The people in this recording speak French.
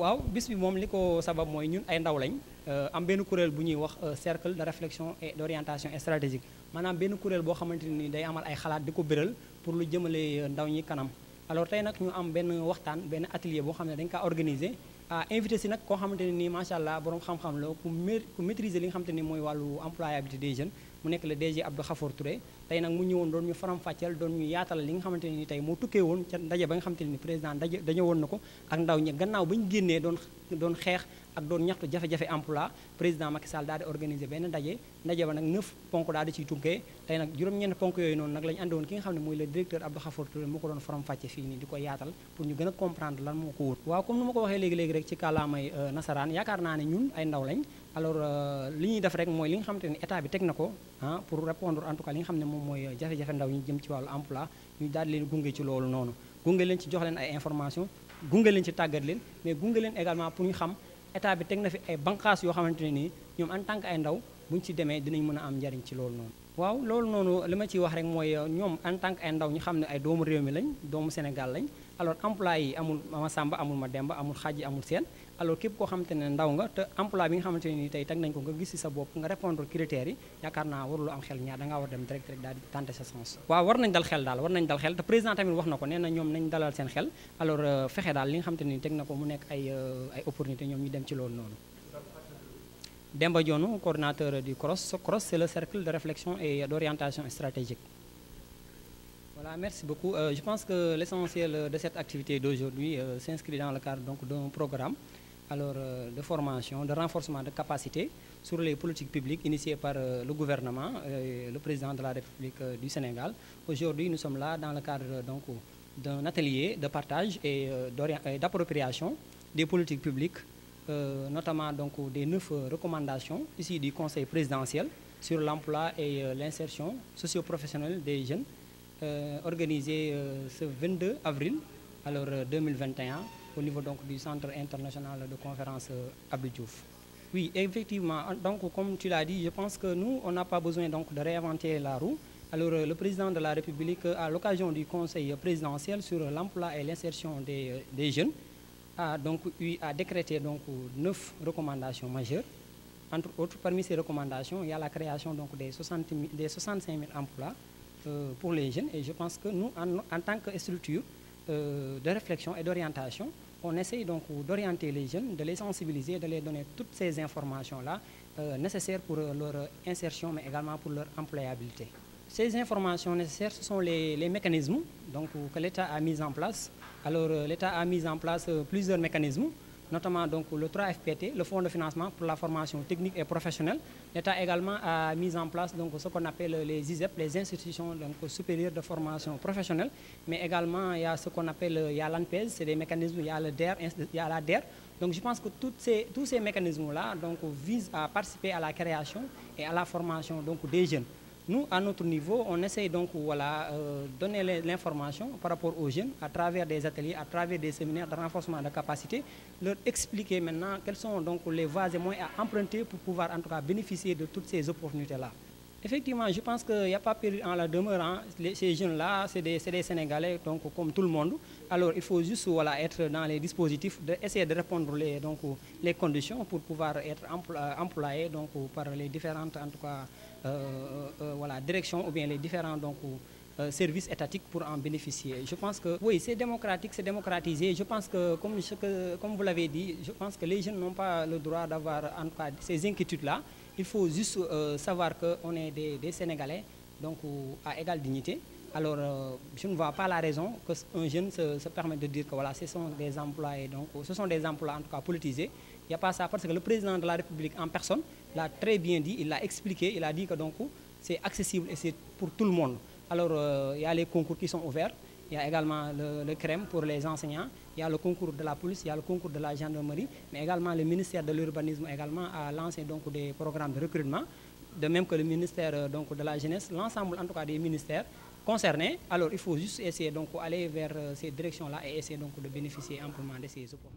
waaw bis bi moom li ko sabab mooy ñun ay ndaw lañ euh, am benn kuréel bu ñuy wax euh, cercle de réflexion et d' orientation stratégique maanaam benn kuréel boo xamante nii day amal ay xalaat di ko bëral pour lu jëmalee euh, ndaw ñi kanam alors tey nag ñu am benn waxtaan benn atelier boo xam ne dañ kaa organiser ah invité si nag koo xamante ne nii macha allah borom xam-xam la ku maîtriser li nga xamante ni mooy wàllu employabilité des jeunes mu nekk le DG Abdou Khafour Touré tey nag mu ñëwoon doon ñu faram-fàcceel doon ñu yaatal li nga xamante ne ni tey moo tukkee woon ca ndaje ba nga xamante ne ni président ndaje dañu woon na ko ak ndaw ñi gannaaw ba ñu génnee doon doon xeex ak doon ñaxtu jafe-jafe emploi président Macky Sall daal di organiser benn ndaje ndaje ba nag neuf ponk daal di ciy tunkee tey nag juróom-ñeent ponk yooyu noonu nag la ñu àndoon ki nga xam ne a comprendre lan moo ko wut waaw comme nu ma ko waxee léegi-léegi rek euh, yaakaar naa ne ñun ay ndaw lañ alors euh, li ñuy def rek mooy li nga xamante ne état bi teg na ko ah, pour répondre en tout cas li ne moom mooy euh, jafe-jafe ndaw ñi jëm ci wàllu emploi ñu daal leen gunge ci loolu noonu gunge leen ci jox leen ay information gunge leen ci tàggat leen mais gunge leen également pour ñu xam état bi teg na fi ay banqaas yoo xamante ne nii ñoom en tant ay ndaw bu ñu ci demee dinañ mën a am njariñ ci loolu noonu waaw loolu noonu li ma ciy wax rek mooy euh, ñoom en tant que ay ndaw ñu xam ne ay doomu réew mi lañ doomu Sénégal lañ alors emploi amul ma sàmba amul ma demba amul xaj yi amul seen alors képp koo xamante ne ndaw nga te emploi bi nga xamante ne nii tey teg nañ ko nga gis ci sa bopp nga répondre critères yi yaakaar naa waruloo xel ñaar da ngaa war dem direct rek daal di tenter war nañ dal xel war nañ dal xel te président tamit wax na ko nee na ñoom nañ dalal xel alors euh, fexe daal li nga xamante teg na ko mu nekk ay euh, ay opportunité ñoom ñu dem ci loolu noonu Demba coordinateur du CROSS CROSS c'est le cercle de réflexion et d'orientation stratégique voilà merci beaucoup euh, je pense que l'essentiel euh, de cette activité d'aujourd'hui euh, s'inscrit dans le cadre donc d'un programme alors de formation de renforcement de capacité sur les politiques publiques initiées par le gouvernement et le président de la République du Sénégal aujourd'hui nous sommes là dans le cadre donc d'un atelier de partage et d'appropriation des politiques publiques euh, notamment donc, des neuf euh, recommandations ici du Conseil présidentiel sur l'emploi et euh, l'insertion socioprofessionnelle des jeunes, organisées ce 22 avril alors, 2021 au niveau donc, du Centre international de conférence à Oui, effectivement, donc, comme tu l'as dit, je pense que nous, on n'a pas besoin donc, de réinventer la roue. Alors, le président de la République, à l'occasion du Conseil présidentiel sur l'emploi et l'insertion des jeunes, a donc eu donc neuf recommandations majeures. Entre autres, parmi ces recommandations, il y a la création des, 60 65 000 emplois euh, pour les jeunes. Et je pense que nous, en, tant que structure euh, de réflexion et d'orientation, on essaye donc d'orienter les jeunes, de les sensibiliser, de les donner toutes ces informations-là euh, nécessaires pour leur insertion, mais également pour leur employabilité. Ces informations nécessaires, ce sont les, mécanismes donc, que l'État a mis en place. Alors, euh, l'État a mis en place euh, plusieurs mécanismes, notamment donc, le 3FPT, le Fonds de financement pour la formation technique et professionnelle. L'État également a mis en place donc, ce qu'on appelle euh, les ISEP, les institutions donc, supérieures de formation professionnelle. Mais également, il y a ce qu'on appelle l'ANPES, c'est des mécanismes, il y a, le e il y a la DER, donc je pense que toutes ces, tous ces mécanismes-là visent à participer à la création et à la formation donc, des jeunes. Nous, à notre niveau, on essaie donc voilà, euh, donner l'information par rapport aux jeunes à travers des ateliers, à travers des séminaires de renforcement de capacité, leur expliquer maintenant quels sont donc les voies et moyens à emprunter pour pouvoir en tout cas bénéficier de toutes ces opportunités-là. Effectivement, je pense qu'il n'y a pas péril en la demeurant. Hein. ces jeunes-là, c'est des, des, Sénégalais, donc comme tout le monde. Alors, il faut juste voilà, être dans les dispositifs, de, essayer de répondre les, donc, les conditions pour pouvoir être euh, employé donc, par les différentes en cas, euh, euh, directions ou bien les différents donc, services étatiques pour en bénéficier. Je pense que oui, c'est démocratique, c'est démocratisé. Je pense que comme, que, comme vous l'avez dit, je pense que les jeunes n'ont pas le droit d'avoir ces inquiétudes-là il faut juste euh, savoir qu'on est des, Sénégalais, donc à égale dignité. Alors, euh, je ne vois pas la raison qu'un jeune se, permette de dire que voilà, ce sont des emplois, donc, ce sont des emplois en tout cas politisés. Il n'y a pas ça parce que le président de la République en personne l'a très bien dit, il l'a expliqué, il a dit que donc c'est accessible et c'est pour tout le monde. Alors, euh, il y a les concours qui sont ouverts. Il y a également le, crème pour les enseignants. Il y a le concours de la police, il y a le concours de la gendarmerie. Mais également, le ministère de l'urbanisme également a lancé donc, des programmes de recrutement. De même que le ministère euh, donc, de la jeunesse, l'ensemble en tout cas des ministères concernés. Alors, il faut juste essayer d'aller vers euh, ces directions-là et essayer donc de bénéficier amplement de ces supports.